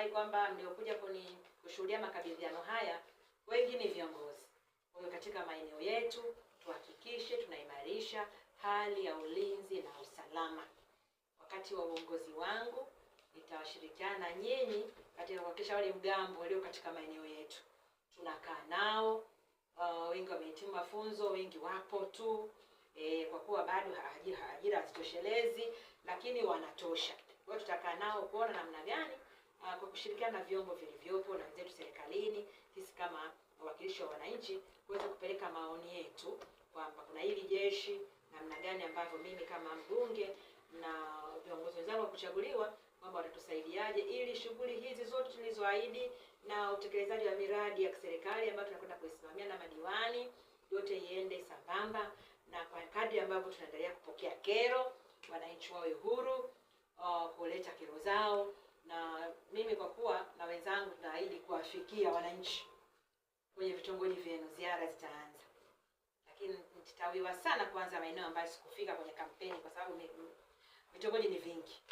Nafurahi kwamba mliokuja kuni kushuhudia makabidhiano haya wengi ni viongozi. Kwa hiyo katika maeneo yetu tuhakikishe tunaimarisha hali ya ulinzi na usalama. Wakati wa uongozi wangu nitawashirikiana nyinyi katika kuhakikisha wale mgambo walio katika maeneo yetu tunakaa nao. Uh, wengi wamehitimu mafunzo, wengi wapo tu e, kwa kuwa bado ajira hazitoshelezi, lakini wanatosha. Kwa hiyo tutakaa nao kuona namna gani kushirikiana na vyombo vilivyopo na wenzetu serikalini, sisi kama wawakilishi wa wananchi kuweza kupeleka maoni yetu kwamba kuna hili jeshi, namna gani ambavyo mimi kama mbunge na viongozi wenzangu wa kuchaguliwa kwamba watatusaidiaje ili shughuli hizi zote tulizoahidi na utekelezaji wa miradi ya kiserikali ambayo tunakwenda kuisimamia na madiwani yote iende sambamba, na kwa kadri ambavyo tunaendelea kupokea kero, wananchi wawe huru uh, kuleta kero zao mimi kwa kuwa na wenzangu tunaahidi kuwafikia wananchi kwenye vitongoji vyenu, ziara zitaanza, lakini nitawiwa sana kuanza maeneo ambayo sikufika kwenye kampeni, kwa sababu vitongoji ni vingi.